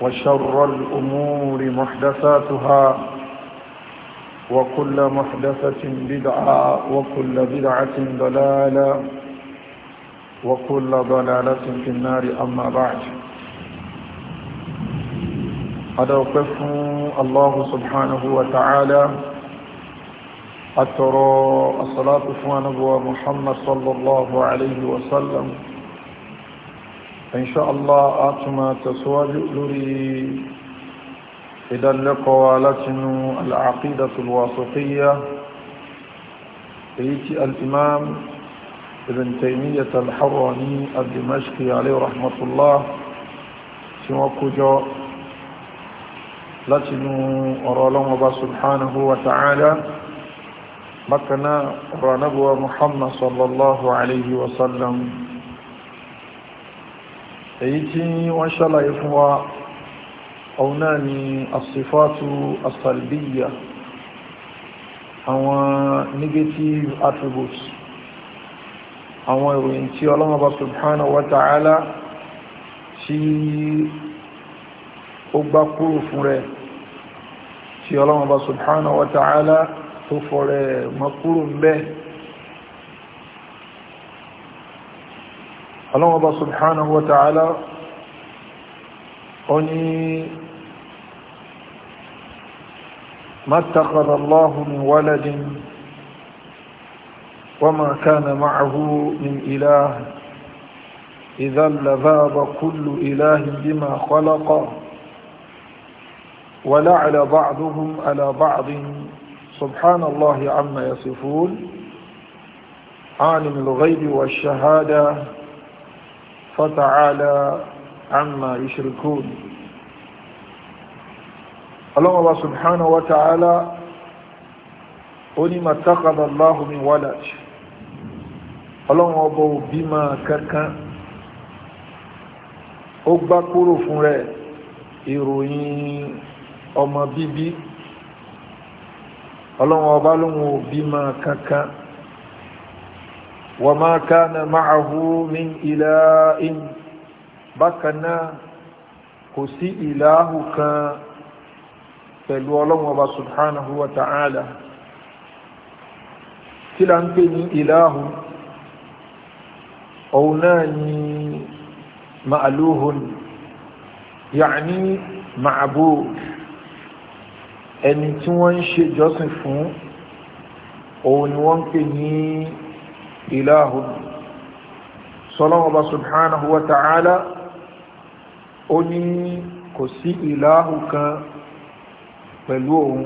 وشر الأمور محدثاتها وكل محدثة بدعة وكل بدعة ضلالة وكل ضلالة في النار أما بعد أدوقف الله سبحانه وتعالى أترى الصلاة فوانبوى محمد صلى الله عليه وسلم inṣáàlá àtúmà tẹ̀síwájú lórí ìdánilẹ́kọ̀ọ́ látinú al-aqidatul wasatiyya èyí tí al-imam ibn taymiyyah al-harrani ad-dimashqi alayhi rahmatullah tí wọ́n kójọ látinú ọ̀rọ̀ ọlọ́mọba subhanahu wa ta'ala bákanáà ọ̀rọ̀ anábúwa muhammad sallallahu alayhi wa sallam èyí tí wọ́n ṣàlàyé fún wa ọ̀hún náà ni asifatu asalbiya àwọn negative attributes àwọn ìròyìn tí ọlọ́mọba subhanahu wa ta'ala tí ó gbá kúrò fún rẹ̀ tí ọlọ́mọba subhanahu wa ta'ala tó fọ́ rẹ̀ mọ́ kúrò ń ọlọ́run ọba subhanahu wa ta'ala ó ní mátàkàdà Allahu min waladin wama kana ma'ahu min ilah إذا لذاب كل إله بما خلق ولعل بعضهم على بعض سبحان الله عما يصفون عالم الغيب والشهادة وتعالى عما يشركون الله سبحانه وتعالى قل ما اتخذ الله من ولد ọlọ́run ọba òbí máa kankan ó gbá kúrò fún rẹ ìròyìn ọmọ bíbí ọlọ́run ọba lóhun òbí máa kankan وما كان معه من إله بكنا كسي إلهك فالولم وبا سبحانه وتعالى كلا أنتني إله أوناني مألوه يعني معبود ẹni tí wọ́n ń ṣe jọ́sìn fún òun ni wọ́n ń pè ní ìlàhùn sọlọ́wọ́ba subhanahu wa ta'ala ó ní kò sí ìlàhù kan pẹ̀lú òun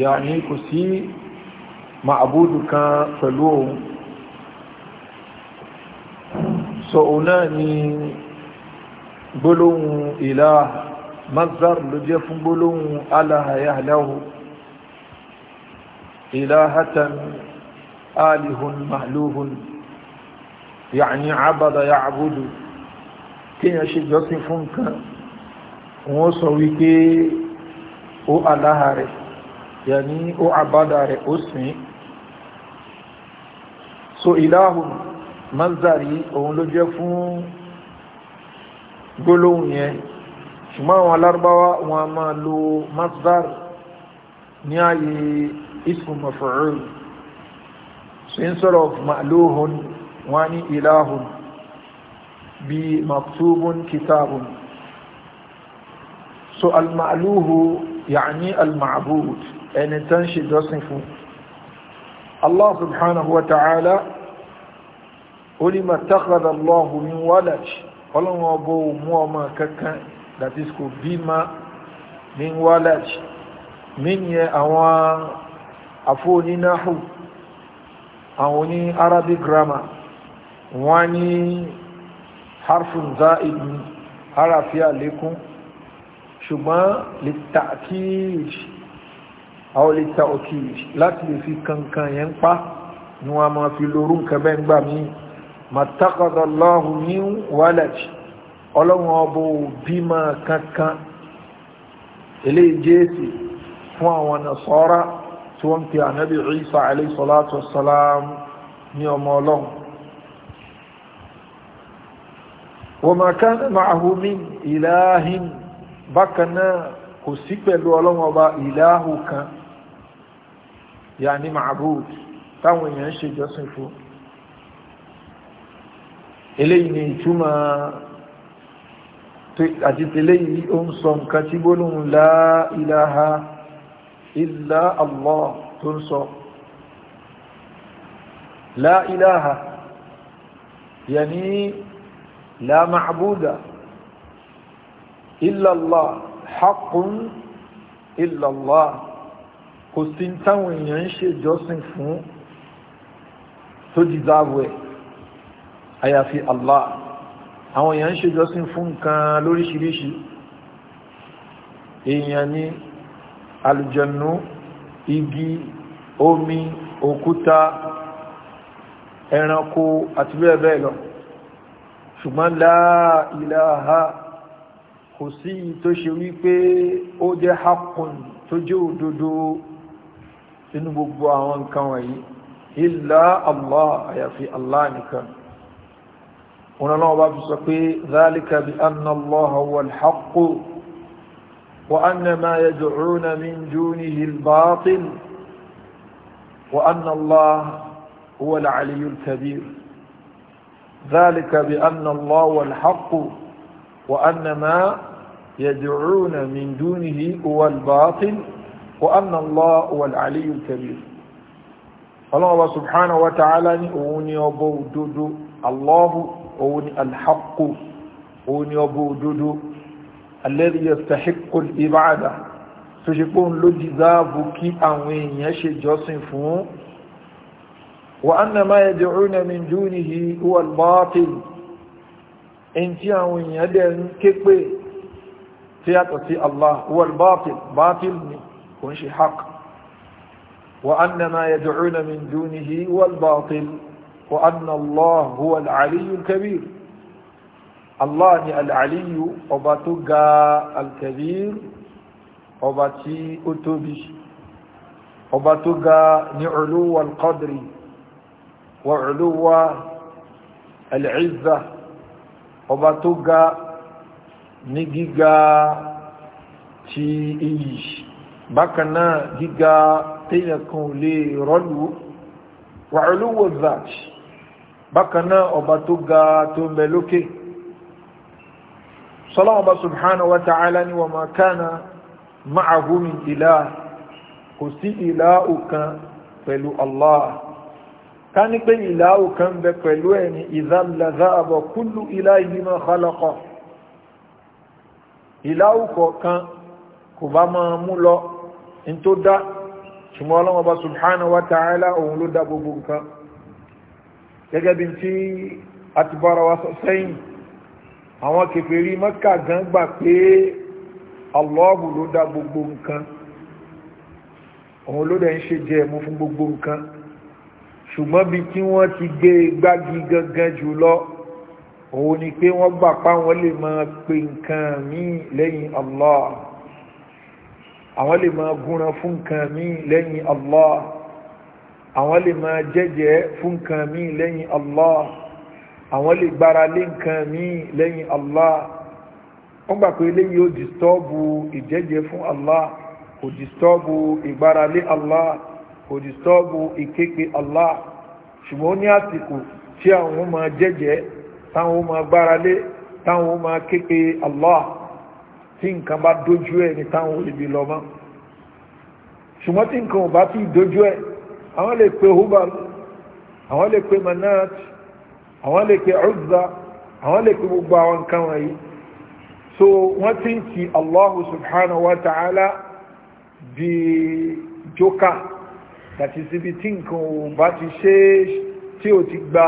yàní kò sí ma'abudu kan pẹ̀lú òun so òun náà ni gbólóhùn ìlàhù mazar ló jẹ́ fún gbólóhùn aláhàyà aláhù ìlàhàtàn آله مألوه يعني عبد يعبد كي يشجع فنك وصويك أو الله يعني أو عبد أسمي so ilahun manzari òun ló jẹ́ fún gbólóhùn yẹn ṣùgbọ́n àwọn alárúbáwá wọn a máa lo masdar ní ààyè ismu maf'ul so instead of ma'luhun wọ́n ní ilahun bí maktubun kitabun so al-ma'luhu ya'ni al-ma'bud ẹni tán ṣe jọ́sìn fún Allah subhanahu wa ta'ala ó ní matakhadha Allahu min walad ọlọ́run ọbọ̀ mú ọmọ kankan that is kò bí ma min walad min yẹ àwọn afọ́ onínáhùn àwọn ní arabic grammar wọ́n ní harfun zaid ní harafi àlékún ṣùgbọ́n lè ta'kid àwọn lè ta'kid láti lè fi kankan yẹn pa ni wọ́n máa fi lórú nǹkan bẹ́ẹ̀ gbà mí matakadallahu min walad ọlọ́run ọbọ̀ bímọ kankan eléyìí jésì fún àwọn nasara tí wọ́n pe ànábì Isa alayhi salatu wassalam ní ọmọ ọlọ́run wa ma kana ma'ahu min ilahin bákan náà kò sí pẹ̀lú ọlọ́run ọba ìlàhù kan yàní ma'bud táwọn èèyàn ń ṣe jọ́sìn fún eléyìí ni ìtumọ̀ àti tẹ́lẹ̀ yìí ó ń sọ nǹkan tí gbólóhùn la illa Allah tó ń sọ la ilaha yẹni la ma'buda illa Allah haqqun illa Allah kò sí táwọn èèyàn ń ṣe jọ́sìn fún tó dìdáàbò ẹ̀ Allah àwọn èèyàn ń ṣe jọ́sìn fún nǹkan lóríṣiríṣi èèyàn ni alìjẹ̀nú igi omi òkúta ẹranko àti bẹ́ẹ̀ bẹ́ẹ̀ lọ ṣùgbọ́n láà ìlàáha kò sí tó ṣe wípé ó jẹ́ hakùn tó jẹ́ òdodo inú gbogbo àwọn nǹkan wọ̀nyí illa Allah àyàfi Allah nìkan wọn lọ́wọ́ bá fi sọ pé zálíkà bí annallahu wal haqqu وأن ما يدعون من دونه الباطل وأن الله هو العلي الكبير ذلك بأن الله هو الحق وأن ما يدعون من دونه هو الباطل وأن الله هو العلي الكبير الله سبحانه وتعالى أوني أبو الله أوني الحق أوني أبو alladhi yastahiqqu al-ibada tó ṣe pé òun ló dìzáàbù kí àwọn èèyàn ṣe jọ́sìn fún wa anna ma yad'una min dunihi huwa al-batil in tí àwọn èèyàn dẹ̀ ń ké pé tí yàtọ̀ sí Allah huwa al-batil batil ni kò ń ṣe haq wa anna ma yad'una min dunihi huwa al-batil wa anna Allah huwa al-aliyyu al-kabir Allah ni al'aliyu ọba tó ga alkabir ọba tí ó tóbi ọba tó ga ní uluwa alqadri wa uluwa al'izza ọba tó ga ní gíga ti iyì bákaná gíga tẹ́yẹ̀kan lè rọ́lù wa uluwa zaj bákaná ọba tó ga tó mẹ́lókè okay sọlọ́wọ́n bá subhanahu wa ta'ala ni wọ́n máa kánà ma'ahu min ilah kò sí ìlàhù kan pẹ̀lú allah ká ní pé ìlàhù kan bẹ pẹ̀lú ẹni idhan la dhahaba kullu ilahin bima khalaqa ìlàhù kọ̀ọ̀kan kò bá máa mú lọ in tó dá ṣùgbọ́n subhanahu wa ta'ala òun ló dá gbogbo nǹkan gẹ́gẹ́ bí ti bára wa sọ sẹ́yìn àwọn kèfèrí mọ́kà gan gbà pé Allahu ló dá gbogbo nǹkan òun ló dẹ̀ ń ṣe jẹ ẹ̀mú fún gbogbo nǹkan ṣùgbọ́n bí tí wọ́n ti gbé gbági gangan jù òun ni pé wọ́n gbà páwọn lè máa pe nǹkan míì lẹ́yìn Allah àwọn lè máa gúnran fún nǹkan míì lẹ́yìn Allah àwọn lè máa jẹ́jẹ́ fún nǹkan míì lẹ́yìn Allah àwọn lè gbára lé nǹkan míì lẹ́yìn Allah wọ́n gbà pé eléyìí ó dìstọ́bù ìjẹ́jẹ́ fún Allah kò dìstọ́bù ìgbára lé Allah kò dìstọ́bù ìképe Allah ṣùgbọ́n ó ní àsìkò tí àwọn máa jẹ́jẹ́ táwọn máa gbára lé táwọn máa képe Allah tí nǹkan bá dójú ẹ̀ ní táwọn olùbí lọ mọ́ ṣùgbọ́n tí nǹkan ò bá ti dójú ẹ̀ àwọn lè pe hubal àwọn lè pe manat àwọn lè pe ọ̀zà àwọn lè pe gbogbo àwọn nǹkan wọ̀nyí so wọ́n ti ń ti allahu subhanahu wa ta'ala bí jókà àti síbi tí nǹkan ò bá ti ṣe tí ó ti gba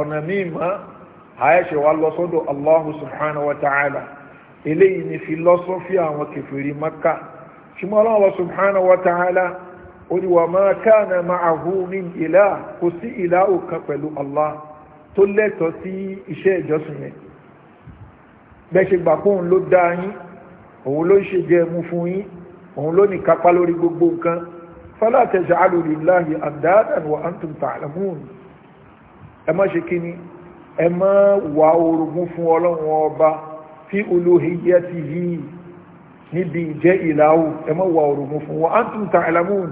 ọ̀nà mímọ́ àyẹ́ṣẹ̀ wa lọ sọ́dọ̀ allahu subhanahu wa ta'ala eléyìí ni filosofi àwọn kèfèrí maka ṣùgbọ́n Allah subhanahu wa ta'ala ó ní wa ma kana ma'ahu min ilah kò sí ìlà òkan pẹ̀lú allah tó lẹ́tọ̀ọ́ sí iṣẹ́ ìjọsìn yẹn bẹ́ṣe gbà kóhun ló dá yín òun ló ń ṣe jẹ mú fún yín òun ló ní kápá lórí gbogbo nǹkan fala taj'alu lillahi andadan wa antum ta'lamun ẹ má ṣe kí ni ẹ má wà orogún fún ọlọ́run ọba fi uluhiyyatihi níbi ìjẹ́ ìlàwò ẹ má wà orogún fún wa antum ta'lamun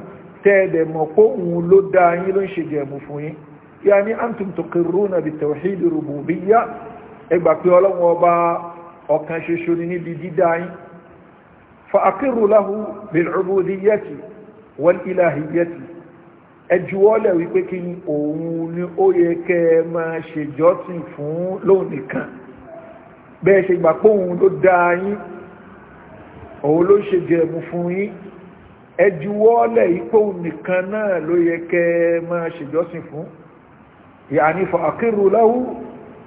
tẹ́ẹ̀dẹ̀ mọ̀ kóhun ló dá yín ló ń ṣe jẹ mú fún yín yàní antum tuqirruna bitawhid rububiyyah ẹgbà pé ọlọ́run ọba ọ̀kan ṣoṣo ni níbi dídá yín fa aqirru lahu bil'ubudiyyati wal ilahiyyati ẹjuwọ́lẹ̀ wípé kí òun ni ó yẹ kẹ́ ẹ máa ṣèjọ́sìn fún lóun nìkan bẹ́ẹ̀ ṣe gbà pé òun ló dá yín òun ló ṣe jẹ̀mú fún yín ẹjuwọ́lẹ̀ yìí pé òun nìkan náà ló yẹ kẹ́ ẹ máa ṣèjọ́sìn fún يعني فأقر له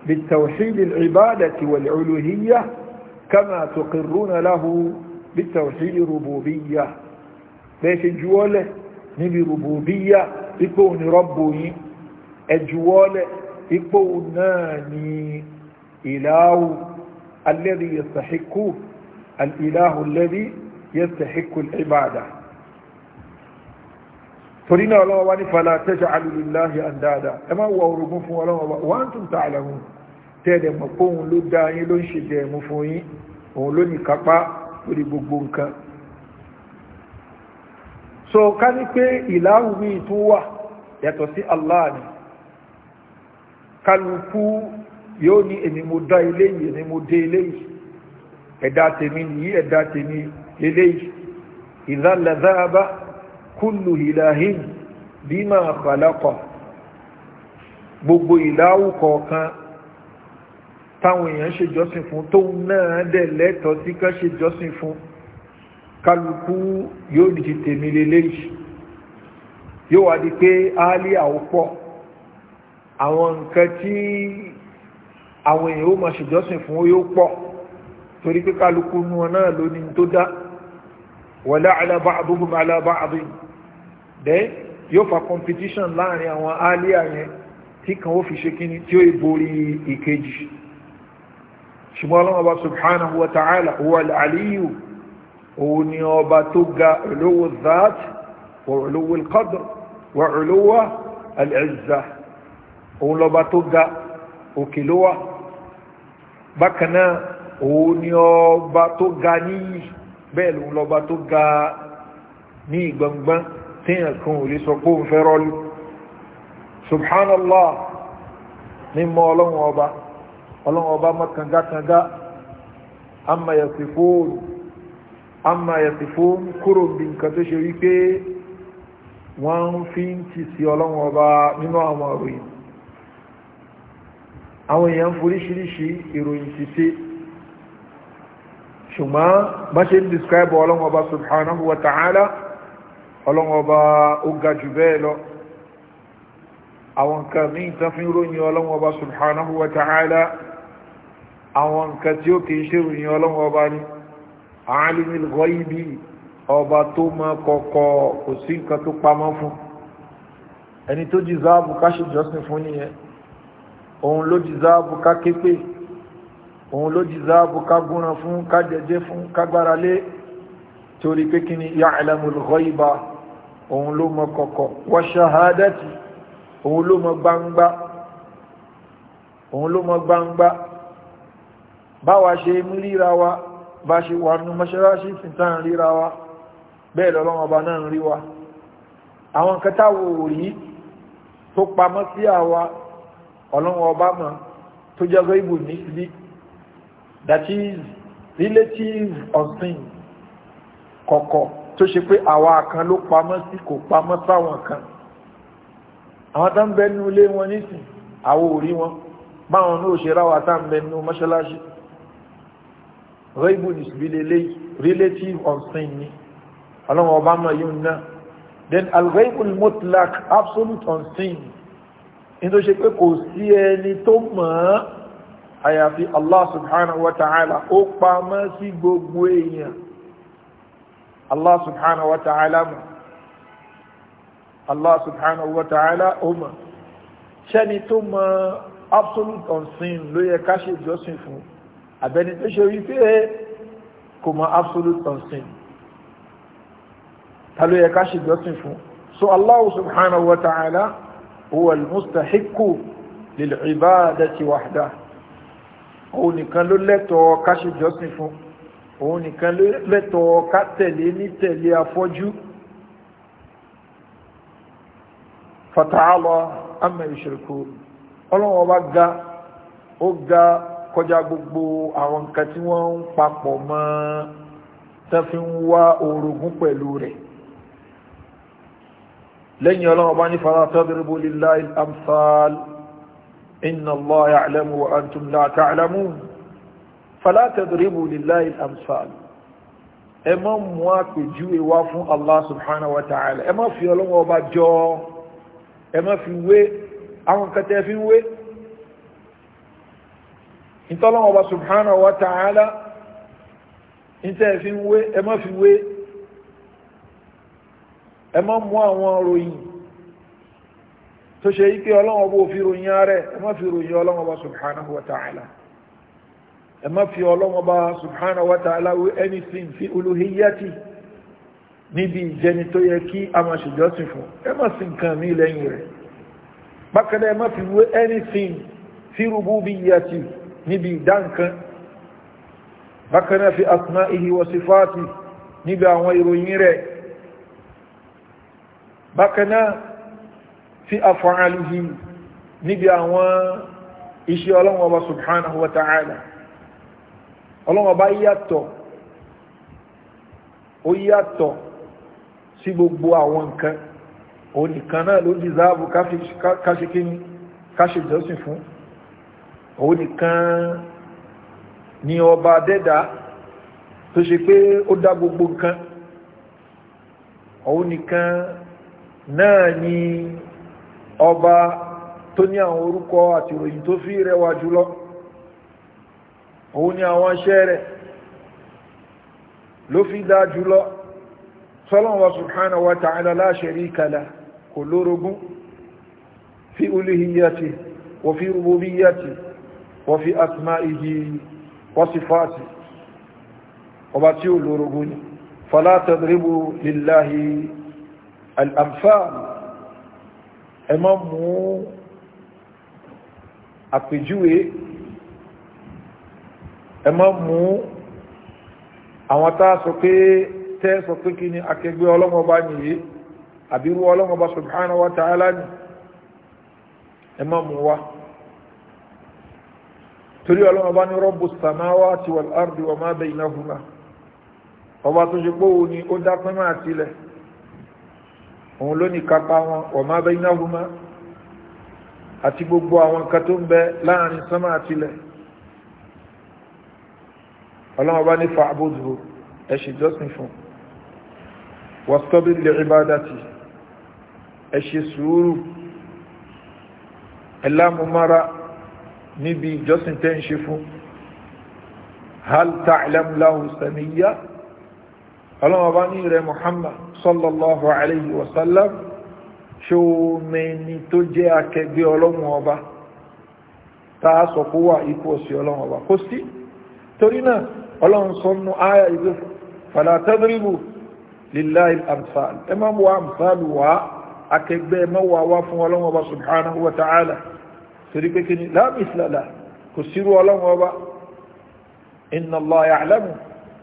بالتوحيد العبادة والعلوهية كما تقرون له بالتوحيد الربوبية ليش الجوال نبي ربوبية يكون ربي الجوال يكوناني إله الذي يستحق الإله الذي يستحق العبادة torí náà ọlọ́wọ́ wá ní fàlá tẹ́jọ alùlùláhì àndáadà ẹ máa wọ orogún fún ọlọ́wọ́ wọ́n tún ta àlàmù tẹ́ẹ̀dẹ̀ mọ̀ pé òun ló dá yín ló ń ṣe dẹ̀ẹ̀mú fún yín òun ló ní kápá lórí gbogbo nǹkan so ká ní pé ìlàhù tún wà yàtọ̀ sí Allah kálukú yóò ní èmi mo dá eléyìí èmi mo dé eléyìí ẹ̀dá tèmi nìyí ẹ̀dá tèmi eléyìí ìdálẹ̀ kúlù ìlàhìn bímà àpàlákọ̀ gbogbo ìlàhù kọ̀ọ̀kan táwọn èèyàn ṣe jọ́sìn fún tóun náà dẹ̀ lẹ́tọ̀ọ́ sí ká ṣe jọ́sìn fún kálukú yóò dìjì tèmi lélẹ́yìí yóò wá di pé áálí àwòpọ̀ àwọn nǹkan tí àwọn èèyàn ó máa ṣèjọ́sìn fún ó yóò pọ̀ torí pé kálukú náà lónìí tó dá wala ala ba'duhum ala ba'din then yóò fa competition láàrin àwọn alia yẹn tí kan ó fi ṣe kíni tí ó borí ìkejì ṣùgbọ́n ọlọ́wọ́ bá subhanahu wa ta'ala huwa al-aliyu òun ni ọba tó ga olówó zaat wa olówó al-qadr wa olówó al òun lọ́ba tó ga òkè ló bákan náà òun ni ọba tó ga níyì bẹ́ẹ̀ lọ́ba tó ga ní ìgbọ̀ngbọ́n téèyàn kan ò lè sọ pé òun fẹ́ rọ́lú subhanallah mímọ́ ọlọ́run ọba ọlọ́run ọba mọ́ kangakanga ama yẹ̀sì fóònù ama yẹ̀sì fóònù kúrò bí nǹkan tó ṣe wípé wọ́n fi ń ti sí ọlọ́run ọba nínú àwọn ìròyìn àwọn èèyàn foríṣiríṣi ìròyìn ti sí ṣùgbọ́n bá ṣe ń describe ọlọ́run ọba subhanahu wa ta'ala ọlọ́wọ́ ọba ó ga jù bẹ́ẹ̀ lọ àwọn nǹkan ní ìtànfin ròyìn ọlọ́wọ́ ọba subhanahu wa ta'ala àwọn nǹkan tí ó kìí ṣe ròyìn ọlọ́wọ́ ọba ní alimil ghaibi ọba tó mọ kọ̀kọ̀ kò sí nǹkan tó pamọ́ fún ẹni tó jìzáàbù ká ṣe jọ́sìn fún nìyẹn òun ló jìzáàbù ká képe òun ló jìzáàbù ká gúnran fún ká jẹjẹ fún ká gbára lé torí pé kí ni ya'lamul ghaiba òun ló mọ kọ̀kọ̀ wa shahadati òun ló mọ gbangba òun ló mọ gbangba báwa ṣe ń ríra wa bá ṣe wà nínú mọ́ṣáláṣí fìtàn ríra wa bẹ́ẹ̀ lọ́lọ́wọ́ ọba náà ń rí wa àwọn kẹtàwò rí tó pamọ́ sí àwa ọlọ́wọ́ ọba mọ̀ tó jẹ́gọ́ ìbò ní síbí that is relative of sin kọ̀kọ̀ tó ṣe pé àwa kan ló pamọ́ sí kò pamọ́ sáwọn kan àwọn tó ń bẹ nínú ilé wọn nísìn àwọn ò rí wọn báwọn náà ṣe ráwà tá ń bẹ mọ́ṣáláṣí rẹ́ìbù nìsìbílẹ̀ relative unseen ni ọlọ́run ọba mọ̀ yóò náà then al-ghaibul absolute unseen in tó ṣe pé kò sí ẹni tó mọ̀ ọ́ àyàfi Allah subhanahu wa ta'ala ó pamọ́ sí gbogbo èèyàn Allah subhanahu wa ta'ala mọ̀ Allah subhanahu wa ta'ala ó mọ̀ ṣẹ́ni tó mọ absolute unseen ló yẹ ká ṣe ìjọsìn fún àbẹ́ni tó ṣe wípé kò mọ absolute unseen ta ló yẹ ká ṣe ìjọsìn fún so Allah subhanahu wa ta'ala huwa al-mustahiqqu lil-ibadati wahdahu òun nìkan ló lẹ́tọ̀ọ́ ká ṣe ìjọsìn fún òun nìkan lẹ́tọ̀ọ́ ká tẹ̀lé ní tẹ̀lé afọ́jú fata'ala amma yushriku ọlọ́run ọba ga ó ga kọjá gbogbo àwọn nǹkan tí wọ́n ń papọ̀ mọ́ tán fi ń wá orogún pẹ̀lú rẹ̀ lẹ́yìn ọlọ́run ọba ní fara tadribu lillahi al-amthal inna Allah ya'lamu wa fala tadribu lillahi al-amsal ẹ má mú àpèjúwe wá fún allah subhanahu wa ta'ala ẹ má fi ọlọ́wọ́ ọba jọ ẹ má fi wé àwọn kẹtẹ fi ń wé ìtọ́lọ́wọ́ ọba subhanahu wa ta'ala ìtẹ́ fi ń wé ẹ má fi wé ẹ má mú àwọn ròyìn tó ṣe yí pé ọlọ́wọ́ ọba òfin ròyìn fi ròyìn ọlọ́wọ́ ọba subhanahu wa ta'ala ẹ má fi ọlọ́wọ́n bá subhanahu wa ta'ala wí anything fi uluhiyyati níbi ìjẹni tó yẹ kí a máa ṣèjọ́sìn fún ẹ má sin nǹkan mí lẹ́yìn rẹ̀ bákan náà ẹ má fi wé anything fi rububiyyati níbi ìdá nǹkan bákan náà fi asma'ihi wa níbi àwọn ìròyìn rẹ̀ bákan fi af'alihi níbi àwọn iṣẹ́ ọlọ́wọ́n bá subhanahu wa ta'ala ọlọ́wọ́n bá yàtọ̀ ó yàtọ̀ sí gbogbo àwọn nǹkan òun nìkan náà ló dìzáàbù káṣekíní káṣejọ́sìn fún òun nìkan ni ọba dẹ́dà tó ṣe pé ó dá gbogbo nǹkan òun nìkan náà ni ọba tó ní àwọn orúkọ àti ìròyìn tó fi rẹwà jùlọ òun ni àwọn iṣẹ́ rẹ̀ ló fi dá jùlọ sọ́lọ́wọ́ subhanahu wa ta'ala la sharika lah kò lórogún fi uluhiyyati wa fi rububiyyati wa fi asma'ihi wa sifati ọba tí ó lórogún ni fala tadribu lillahi al-amthal ẹ má mú àwọn tá a sọ pé tẹ́ sọ pé kí ni akẹgbẹ́ ọlọ́mọba nìyí àbírú ọlọ́mọba subhanahu wa ta'ala ni ẹ má mú wa torí ọlọ́mọba ní rọ́bù samawati wal ardi wa ma baynahuma ọba tó ṣe pé òun ni ó dá pẹ́mọ́ àtìlẹ̀ òun ló ní kápá wọn wa ma baynahuma àti gbogbo àwọn nǹkan tó ń bẹ láàrin sánmà àtìlẹ̀ ọlọ́run bá ní fa abójú ẹ̀ṣì jọ́sìn fún wọ́stọ́bìlì ìbádàtì ẹ̀ṣì sùúrù ẹ̀lámúmára níbi ìjọsìn tẹ́ ń ṣe fún hal ta'lam lahu samiyya ọlọ́run bá ní rẹ̀ Muhammad sallallahu alayhi wa sallam ṣe omeni tó jẹ́ akẹgbẹ́ ọlọ́run ọba tá sọ kó wà ikú ọ̀sẹ̀ ọlọ́run ọba kó sí torí náà ọlọ́run sọ nù áyà ìgbé fala tadribu lillahi al-amthal ẹ má wá àmfààlù wá akẹgbẹ́ ẹ má wá wá fún ọlọ́run ọba subhanahu wa ta'ala torí pé kí ni la mithla lahu kò sírú ọlọ́run ọba inna Allaha ya'lamu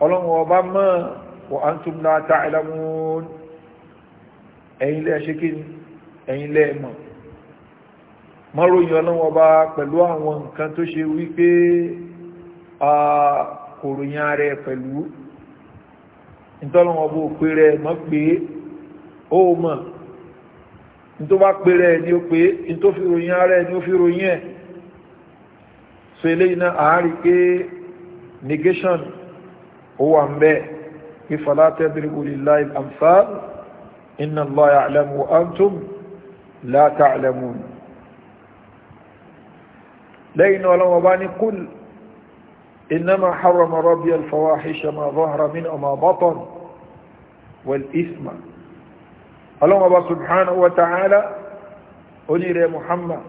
ọlọ́run ọba mọ́ wa antum la ta'lamun kòrò yan rẹ pẹ̀lú ntọ́lọ́wọ́ bó pé rẹ mọ́ pé ó mọ̀ ntọ́ bá pé rẹ ni ó pé ntọ́ fi ròyìn ara ẹ ni ó fi ròyìn ẹ̀ so eléyìí náà àárí pé negation ó wà ń bẹ́ẹ̀ kí falatẹ́ biribu lillahi al-amsal inna allaha ya'lamu wa antum la ta'lamun lẹ́yìn náà ọlọ́wọ́ bá ní kúlù. إنما حرم ربي الفواحش ما ظهر من وما بطن والإثم اللهم الله سبحانه وتعالى أنير محمد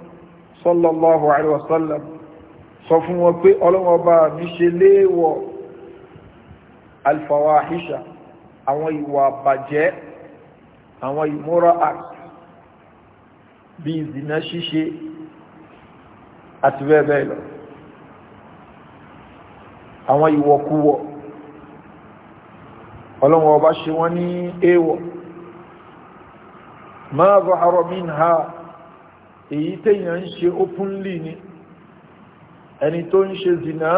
صلى الله عليه وسلم صفن وقي اللهم أبا مشلي و الفواحش أوي وبجاء أوي مرأة بزنا شيشي أتبابيلو àwọn ìwọ̀kúwọ̀ ọlọ́wọ́ ọba ṣe wọ́n ní èèwọ̀ máa bọ̀ àrọ̀ mín ha èyí tẹ́yàn ń ṣe openly ni ẹni tó ń ṣe zina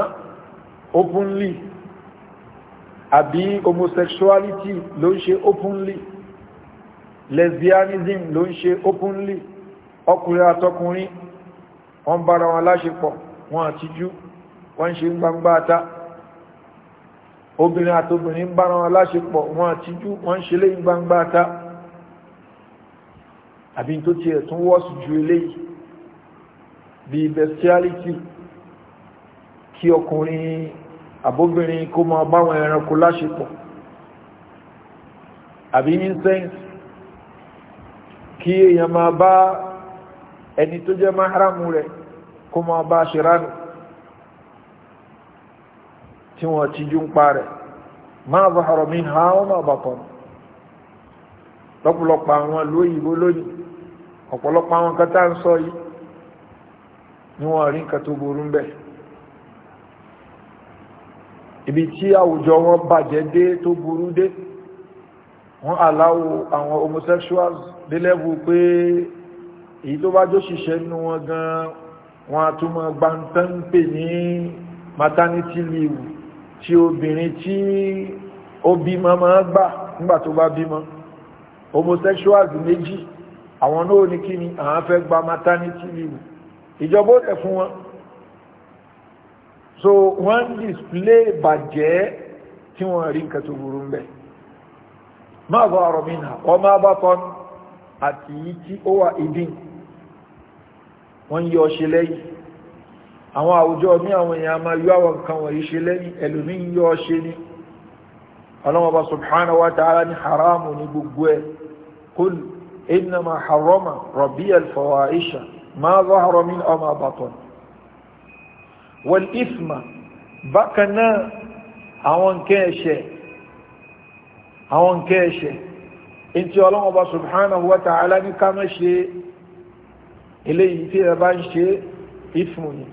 openly àbí homosexuality ló ń ṣe openly lesbianism ló ń ṣe openly ọkùnrin àtọkùnrin wọ́n bára wọn láṣepọ̀ wọn àtijú wọ́n ń ṣe gbangba ta obìnrin àtobìnrin bára wọn láṣepọ̀ wọn àtijú wọn ṣe lé gbangba ta àbí tó ti ẹ̀tún wọ́sù ju eléyìí bí bestiality kí ọkùnrin àbóbìnrin kó máa báwọn ẹranko láṣepọ̀ àbí incense kí èèyàn máa bá ẹni tó jẹ́ máhàrámù rẹ̀ kó máa bá ṣe ránù tí wọ́n ti jú ń pa rẹ̀ máa bá ọ̀rọ̀ mi ha wọ́n máa bàtọ̀ lọ́pọ̀lọpọ̀ àwọn lóyìnbó lónìí ọ̀pọ̀lọpọ̀ àwọn kan tá ń sọ yìí ni wọ́n rí nǹkan tó burú ń bẹ̀ ibi tí àwùjọ wọn bàjẹ́ dé tó burú dé wọ́n aláwò àwọn homosexuals délẹ́bù pé èyí tó bá jó ṣiṣẹ́ nínú wọn gan wọn a tún mọ́ gbáǹtán pè ní maternity leave tí obìnrin tí ó bímọ máa gbà nígbà tó bá bímọ homosexuals méjì àwọn náà ní kí ni àwọn fẹ́ gba maternity leave ìjọba ó dẹ̀ fún wọn so wọ́n display bàjẹ́ tí wọ́n rí nǹkan tó burú ń bẹ̀ máa bọ́ ọ̀rọ̀ mi náà wọ́n máa àti yìí tí ó wà ìdí wọ́n yí ọṣẹ lẹ́yìn àwọn àwùjọ ní àwọn èèyàn máa yọ àwọn nǹkan wọ̀nyí ṣe lẹ́yìn ẹlòmí yọ ṣe ní ọlọ́wọ́ba subhanahu wa ta'ala ní haramu ní gbogbo ẹ̀ kul innama harama rabbi alfawaisha ma zahara min ama baton wal isma bákan náà àwọn nǹkan ẹ̀ṣẹ̀ àwọn nǹkan ẹ̀ṣẹ̀ in ti ọlọ́wọ́ba subhanahu wa ta'ala ní ká má ṣe eléyìí tí ẹ bá ń ṣe ismu ni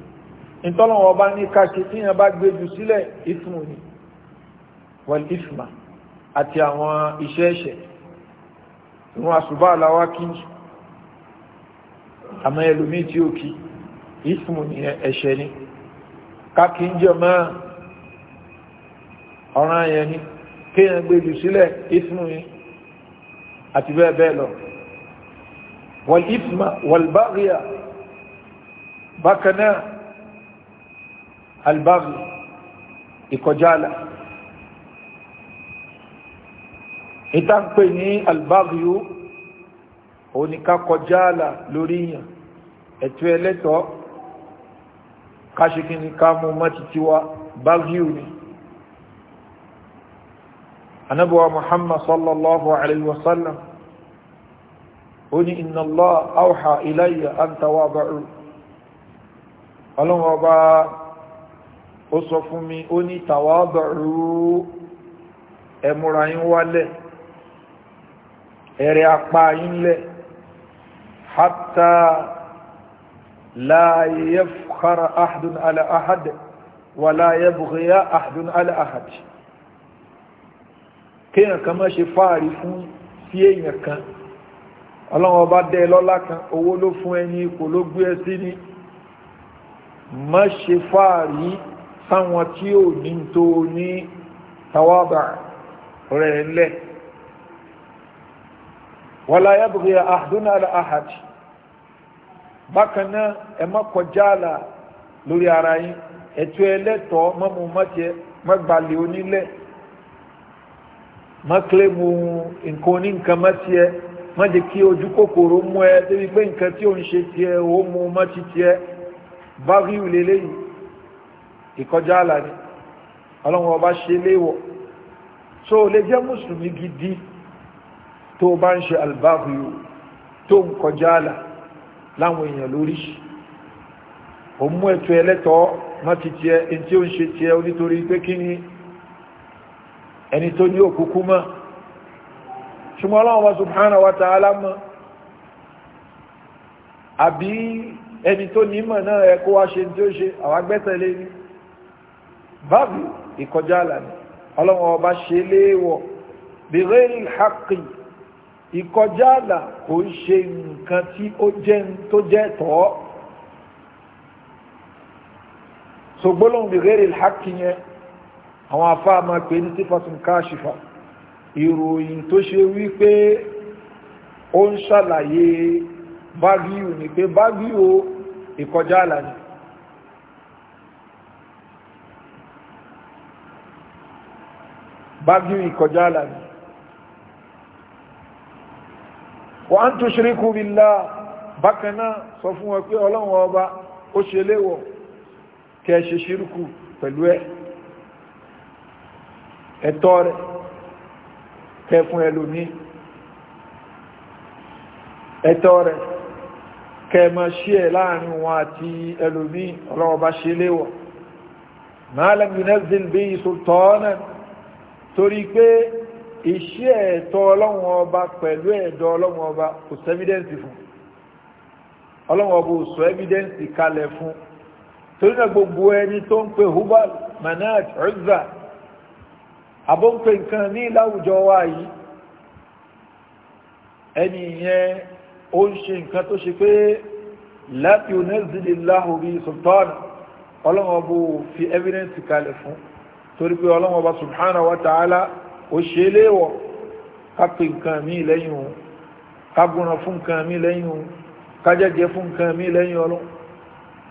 ìtọ́lọ̀wọ̀ bá ní káṣe tí yẹn bá gbéjù sílẹ̀ ìfún ni wọ́n ìfìmà àti àwọn iṣẹ́ ẹ̀ṣẹ̀ ìwọ̀n àṣùbá aláwá kí àmọ́ ẹlòmí tí ó kí ìfún ni ẹ̀ṣẹ̀ ni káàkì ń jẹ máa ọ̀ràn yẹn ni kí yẹn gbéjù sílẹ̀ ìfún ni àti bẹ́ẹ̀ bẹ́ẹ̀ lọ wọ́n ìfìmà wọ́n bá rí à bákan náà albaghi ìkọjáàlà ìta ń pè ní albaghi ó ní ká kọjáàlà lórí yàn ẹ̀tọ́ ẹlẹ́tọ́ káṣíkí ní ká mú mọ́ títí wá baghi ni anábọ̀wá muhammad sallallahu alaihi wasallam ó inna Allah awha ilayya an tawaba'u ọlọ́wọ́ bá ó sọ fún mi ó ní tàwádọ̀rú ẹmúra yín wálẹ̀ ẹ̀rẹ̀ apá yín lẹ̀ hátà láyé fara áhàdùn alẹ́ áhàdẹ̀ wà láyé bùkẹ́yà áhàdùn alẹ́ áhàdẹ̀ kéèyàn kan má fáàrí fún sí èèyàn kan ọlọ́wọ́ bá dẹ́ lọ́lá kan owó ló fún ẹni ipò ló gbé ẹ sí ni má ṣe fáàrí sáwọn tí ò ní tó ní tawaba rẹ̀ lẹ̀ wala yabghi ahaduna ala ahad bákan náà ẹ kọjá àlà lórí ara yín ẹ̀tọ́ ẹlẹ́tọ̀ọ́ mọ́mú mọ́tẹ́ mọ́gbàlè onílẹ̀ mọ́kílẹ́mù nǹkan oníǹkan mọ́tẹ́ mọ́jẹ́ kí ojú kòkòrò mú ẹ débi pé nǹkan tí ò ń ṣe tiẹ̀ ó mú ìkọjá àlà ni ọlọ́run ọba ṣe léwọ̀ tó o lè jẹ́ mùsùlùmí gidi tó o bá ń ṣe albaghyu tó ń kọjá àlà láwọn èèyàn lórí ò mú ẹ̀tọ́ ẹlẹ́tọ̀ọ́ má ti tiẹ̀ ẹni tí ó ń ṣe tiẹ̀ onítorí pé kí ni ẹni tó ní òkúkú mọ́ ṣùgbọ́n ọlọ́run ọba subhanahu wa ta'ala mọ́ àbí ẹni tó ní mọ̀ náà ẹ kó wá ṣe tí ó ṣe àwọn agbẹ́tẹ̀lé ni báàbí ìkọjá àlàní ọlọ́wọ́n ọba ṣe léèwọ̀ bí rẹ́ẹ̀lì hàkì ìkọjá àlà kò ń ṣe nǹkan tí ó jẹ́ tó jẹ́ tọ́ so gbólóhùn bí rẹ́ẹ̀lì hàkì yẹn àwọn afá máa pè ní sífàtún káṣífà ìròyìn tó ṣe wípé ó ń ṣàlàyé báàbí ò ní pé báàbí ò ìkọjá àlàní bágí ìkọjá àlàní wọ́n ń tushriku billah bákanáà sọ fún wọn pé ọlọ́run ọba ó ṣe léwọ̀ kẹ́ẹ̀ṣe ṣírùkù pẹ̀lú ẹ̀ ẹ̀tọ́ rẹ̀ kẹfún ẹlòmí ẹ̀tọ́ rẹ̀ kẹmọ ṣí ẹ̀ láàrin wọn àti ẹlòmí ọlọ́run ọba ṣe léwọ̀ ma lam yunazzil bihi torí pé iṣẹ́ ẹ̀tọ́ ọlọ́run ọba pẹ̀lú ẹ̀dọ́ ọlọ́run ọba kò sọ ẹ́fídẹ́ǹsì fún ọlọ́run ọba ò sọ ẹ́fídẹ́ǹsì kalẹ̀ fún torí náà gbogbo ẹni tó ń pe hubal manat ọ̀zà àbó ń pe nǹkan ní láwùjọ wa yìí ẹni yẹn ó ń ṣe nǹkan tó ṣe pé láti onízìlélàhùn bíi sultana ọlọ́run ọba ò fi ẹ́fídẹ́ǹsì kalẹ̀ fún torí pé ọlọ́wọ́n bá subhanahu wa ta'ala ó ṣe léèwọ̀ ká pè nǹkan mí lẹ́yìn òun ká gbóná fún nǹkan mí lẹ́yìn òun ká jẹ́jẹ́ fún nǹkan mí lẹ́yìn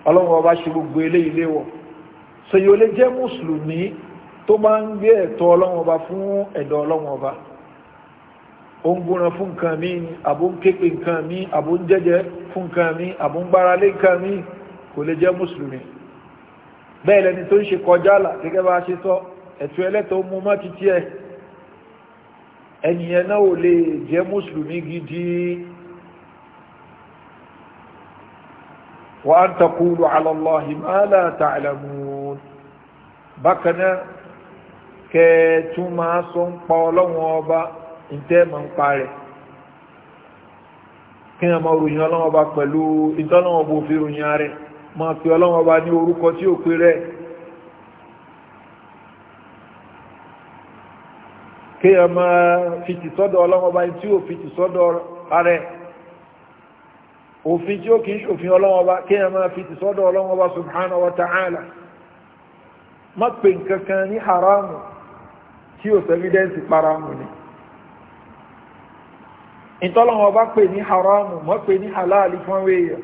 ọlọ́wọ́n bá ṣe gbogbo eléyìí léèwọ̀ sèyí ó lè jẹ́ mùsùlùmí tó bá ń gbé ẹ̀tọ́ ọlọ́wọ́n bá fún ẹ̀dọ̀ ọlọ́wọ́n bá ó ń gbóná fún nǹkan mí ni àbó ń képe nǹkan mí àbó ń jẹ́jẹ́ fún nǹkan mí àbó ń gbáralé nǹkan mí kò lè jẹ́ mùsùlùmí bẹ́ẹ̀ lẹni tó ń ṣe kọjá là gẹ́gẹ́ bá ṣe sọ ẹ̀tù ẹlẹ́tọ̀ mú mọ́ títí ẹ̀ ẹnìyẹn náà ò lè jẹ́ mùsùlùmí gidi wa an taqulu ala Allahi ma la ta'lamun kẹ́ẹ̀tún máa sọ ń pa ọlọ́wọ́n ọba ìtẹ́ mọ̀ ń pa rẹ̀ kí wọ́n máa ròyìn ọlọ́wọ́n ọba pẹ̀lú ìtọ́lọ́wọ́n ọba òfin ròyìn rẹ̀ máa pe ọlọ́wọ́n ọba ní orúkọ tí ò pé rẹ̀ kéèyàn máa fi tì sọ́dọ̀ ọlọ́wọ́n ọba tí ò fi tì sọ́dọ̀ ara òfin tí ó kì í ṣòfin ọlọ́wọ́n ọba kéèyàn máa fi tì sọ́dọ̀ ọlọ́wọ́n ọba subhanahu wa ta'ala má pe nǹkan kan ní haramu tí ò sẹ́fídẹ́ǹsì paramu ni ìtọ́lọ́wọ́n ọba pè ní haramu ma pè ní halali fún àwọn èèyàn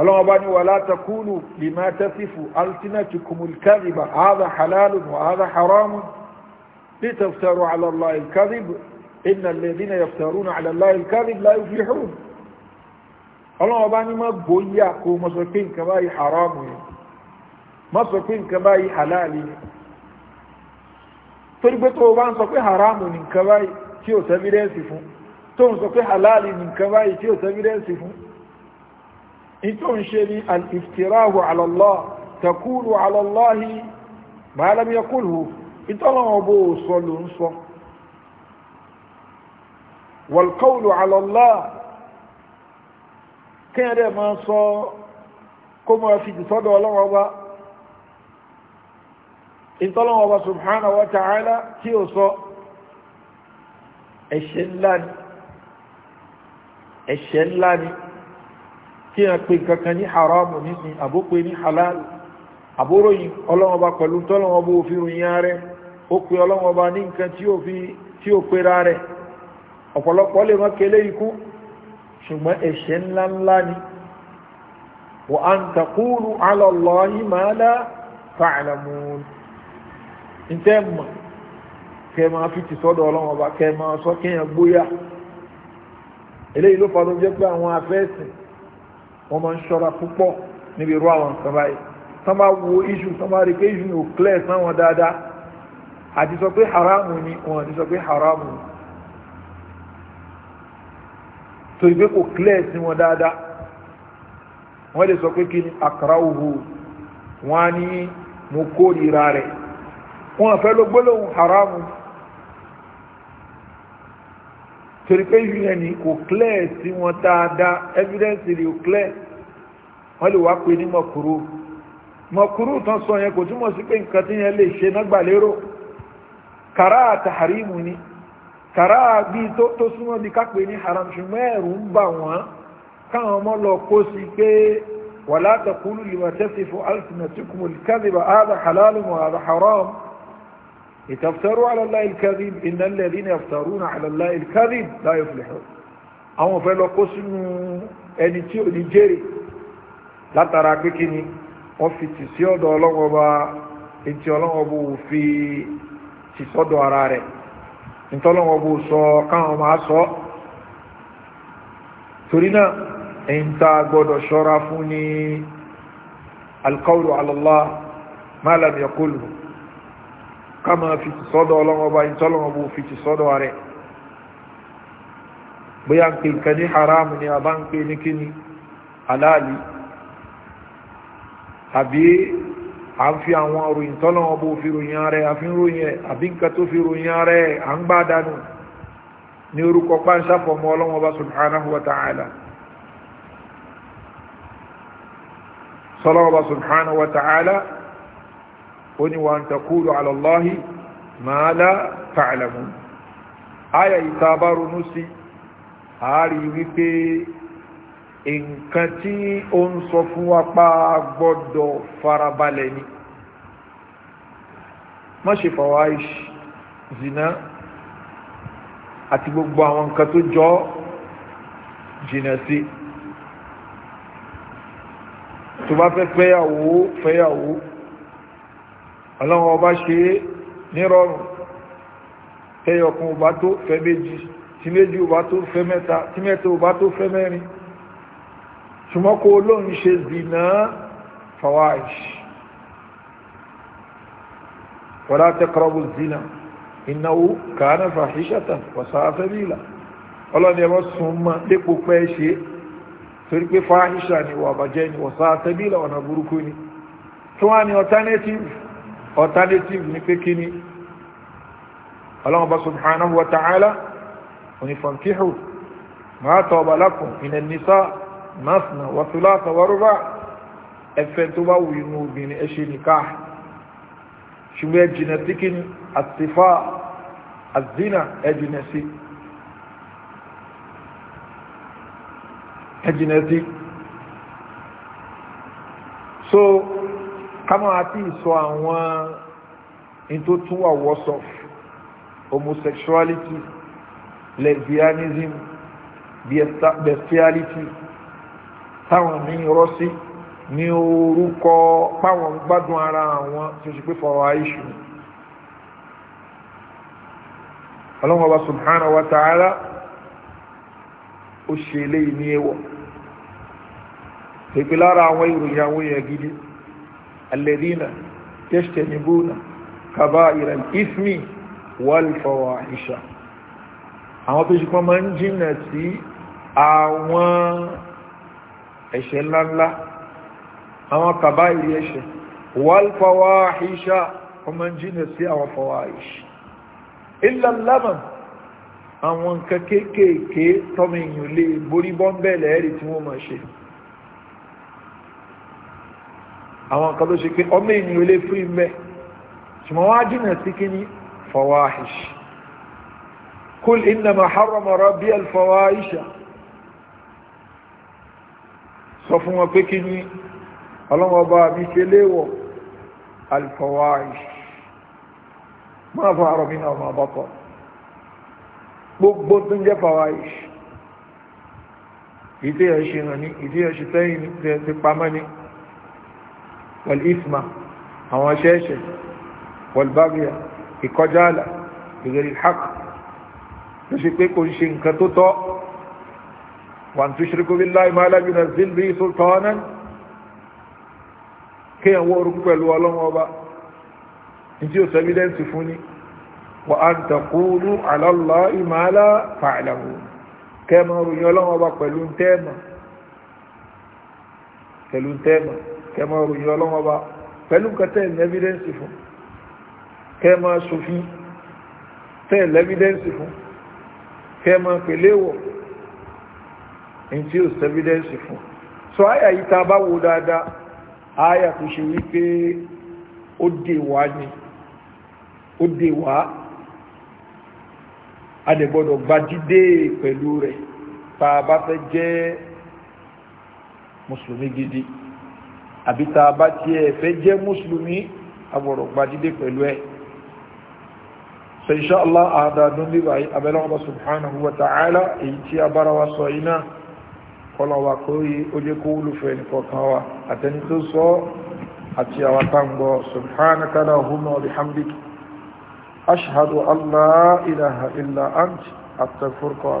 ọlọ́wọ́ bá ní wà látàkúlù lèmá tẹ́sífù altinati kumulkaziba àádá halalun wa àádá haramun lè taftaru alọ́lá ilkazib iná lèdínà yaftaruna alọ́lá ilkazib láì fi hùn ọlọ́wọ́ bá ní má gbóyà kó masọ̀kí nǹkan báyìí haramu ni masọ̀kí nǹkan báyìí halali ni torí pé tó o bá ń sọ pé haramu ni nǹkan báyìí tí ò sẹ́fídẹ́ǹsì fún tó ń sọ halali ni nǹkan báyìí tí ò sẹ́fídẹ́ǹsì fún ìtò ń ṣe ní al-iftirahu ala Allah takulu ala Allahi ma lam yaqulhu ìtọ́lọ́wọ́ bó sọ ló ń sọ wal-qawlu ala Allah kéèyàn máa sọ kó máa fi ìtọ́dọ̀ ọlọ́wọ́ bá ìtọ́lọ́wọ́ bá subhanahu wa ta'ala tí ó sọ ẹ̀ṣẹ̀ ńlá ni ẹ̀ṣẹ̀ ńlá ni kí a pè kankan ní haramu nísìn àbópe ní halal àbóròyìn ọlọ́wọ́ba pẹ̀lú tọ́lọ́wọ́ba òfin ròyìn rẹ̀ ó pè ọlọ́wọ́ba ní nǹkan tí ó pera rẹ̀ ọ̀pọ̀lọpọ̀ lè mọ́ kele ikú ṣùgbọ́n ẹ̀ṣẹ̀ ńláńlá ni wa an ala ma ló jẹ́ pé àwọn wọ́n máa ń ṣọ́ra púpọ̀ níbi irú àwọn nǹkan báyìí tán bá wo iṣu tán bá rí pé iṣu ní ò clear sáwọn dáadáa àti sọ pé haramu ni wọn àti sọ pé haramu ni torí pé kò clear sí wọn dáadáa wọ́n lè sọ pé kí ni àkàrà òhù wọ́n á ní mo kórìíra rẹ̀ wọ́n àfẹ́ ló gbólóhùn haramu ni torí pé un kò clear sí wọn dáadáa evidence rẹ̀ ò clear wọ́n lè wá pé ní mọ̀kúrú mọ̀kúrú tán sọ yẹn kò túmọ̀ sí pé nǹkan tí yẹn lè ṣe nágbà lérò kàrá àtàrímù ni kàrá bí tó súnmọ́ bí kápẹ́ ní haram ṣùgbọ́n ẹ̀rù ń bà wọ́n káwọn ọmọ lọ kó sí pé wàlá taqulu lima tasifu alsinatukumul kadhiba hadha halalun wa hadha haram ìtaftaru ala Allahi al-kadhib innal ladhina yaftaruna ala Allahi al-kadhib la yuflihun àwọn fẹ́ lọ kó sínú ẹni tí ò ní jèrè látara pé kí ni wọ́n fi tì sí ọ̀dọ̀ ọlọ́wọ́ bá etí ọlọ́wọ́ bó fi tì sọ́dọ̀ ara rẹ̀ ntọ́lọ́wọ́ bó sọ káwọn máa sọ torí náà ẹ̀yìn tá a gbọ́dọ̀ ṣọ́ra fún ní alqawlu ala Allah ma lam yaqulhu ká máa fi ti sọ́dọ̀ ọlọ́wọ́ bá yín tọ́lọ́wọ́ bó fi ti sọ́dọ̀ rẹ̀ bóyá ń pè nǹkan ní haram ni a bá ń pè ní kíni aláàlì àbí a ń fi àwọn ròyìn tọ́lọ́wọ́ bó fi ròyìn rẹ̀ a fi ń ròyìn ẹ̀ àbí nǹkan tó fi ròyìn rẹ̀ à ń gbá dànù ní subhanahu wa ta'ala sọlọ́wọ́ subhanahu wa ta'ala ó ní wa taqulu ala Allahi ma la ta'lamun ayà ìta bá ronú sí àárí wípé nǹkan tí ó ń sọ fún wa pa gbọ́dọ̀ farabalẹ̀ ni má ṣe fawaish zina àti gbogbo àwọn nǹkan tó jọ jìnà sí tó bá fẹ́ fẹ́yàwó fẹ́yàwó ọlọ́run ọba ṣe é nírọ̀rùn tẹ́yọkan ọba tó fẹ́ méjì tí méjì ọba tó fẹ́ mẹ́ta tí mẹ́ta ọba tó fẹ́ mẹ́rin ṣùgbọ́n kó olóhun ṣe zìnà fawaish wala taqrabu zina innahu kana fahishatan wa sa'a sabila ọlọ́ni ẹmọ́ súnmọ́ dépò pẹ́ torí pé fáhíṣà ni wà bàjẹ́ ni wa sa'a sabila ọ̀nà burúkú ni tí wọ́n ni alternative alternative ni pé kí ni ọlọ́mọba subhanahu wa ta'ala onífọ̀nkíhù máa tọ́ ọba lákùn ìnẹ̀ nìsá masna wa thulatha wa ruba' ẹfẹ́ tó bá wù inú obìnrin ẹṣẹ́ nìká ṣùgbọ́n ẹjìnà sí kí ni àtìfá àzínà ẹjìnà sí ẹjìnà sí so kama àti ìsọ àwọn ìtótúwà wọ́sọ̀f homosexuality lesbianism bestiality táwọn ní rọ́sí ní orúkọ páwọn gbádùn ara àwọn tó ṣe pé fọ̀rọ̀ àìṣù ọlọ́mọba subhanahu wa ta'ala ó ṣe eléyìí ní ẹwọ̀ pẹ̀pẹ̀ lára àwọn ìròyìn àwọn èèyàn gidi alẹ́dínà tẹ́ṣtẹ̀nibúnà kaba ìrìn ismi wal-fawahisha àwọn tó ṣe kọ́ máa ń jìnà sí àwọn ẹ̀ṣẹ̀ ńláńlá àwọn kaba ìrìn ẹ̀ṣẹ̀ wal-fawahisha ọmọ jìnà sí àwọn fawahisha illa al-laman àwọn nǹkan kéékèèké tọ́mọ lè borí bọ́m̀bẹ̀lẹ̀ ẹ̀rì tí wọ́n máa ṣe àwọn kan ló ṣe pé ọmọ ènìyàn lè fún ìmẹ́ ṣùgbọ́n wá jìnà sí kí ní fawahish kul innama harrama rabbi alfawahisha sọ fún wọn pé kí ní ọlọ́mọba mi ṣe léwọ̀ alfawahish máa fọ àrọ̀ mi náà máa bọ́kọ̀ gbogbo tó ń jẹ́ fawahish ìdí ṣe hàn ní ìdí ṣe tẹ́yìn ní ìdí ní wal ifma àwọn ṣẹ́ṣẹ̀ wal bagya ìkọjá àlà ìgbèrè haq tó ṣe pé kò ń ṣe nǹkan tó tọ́ wà tushriku billahi ma lam yunzil bihi sultanan kéèyàn wọ orúkú pẹ̀lú ọlọ́run ọba tí ó sẹ́bídẹ́ǹsì fún ni wa an taqulu ala Allahi ma la ta'lamun kẹ́ẹ̀mọ̀ ròyìn ọlọ́run ọba pẹ̀lú tẹ́ẹ̀mọ̀ pẹ̀lú tẹ́ẹ̀mà kẹ́mà ròyìn ọlọ́mọba pẹ̀lú kẹtẹ́ lẹ́bídẹ́ǹsì fún kẹ́mà sòfin tẹ́ lẹ́bídẹ́ǹsì fún kẹ́mà pẹ̀léwọ̀ ẹni tí ó sẹ́bídẹ́ǹsì fún so àyà yìí ta bá wo dáadáa àyà tó ṣe wípé ó dè wá ó dè wá gbajídé pẹ̀lú rẹ̀ tá bá fẹ́ jẹ́ mùsùlùmí gidi àbí tá a bá tiẹ̀ fẹ́ jẹ́ mùsùlùmí agbọ̀rọ̀ gbadídé pẹ̀lú ẹ̀ so insha Allah àdàdún bíbá abẹ́lẹ́ ọba subhanahu wa ta'ala èyí tí a bára wa sọ iná kọlọ̀ wa kó yí ó jẹ́ kó wúlò fẹ́ nìkọ̀ọ̀kan wa àtẹni tó sọ àti àwọn táǹgbọ̀ subhanaka lahumma wa bihamdik ashhadu ilaha illa ant astaghfiruka wa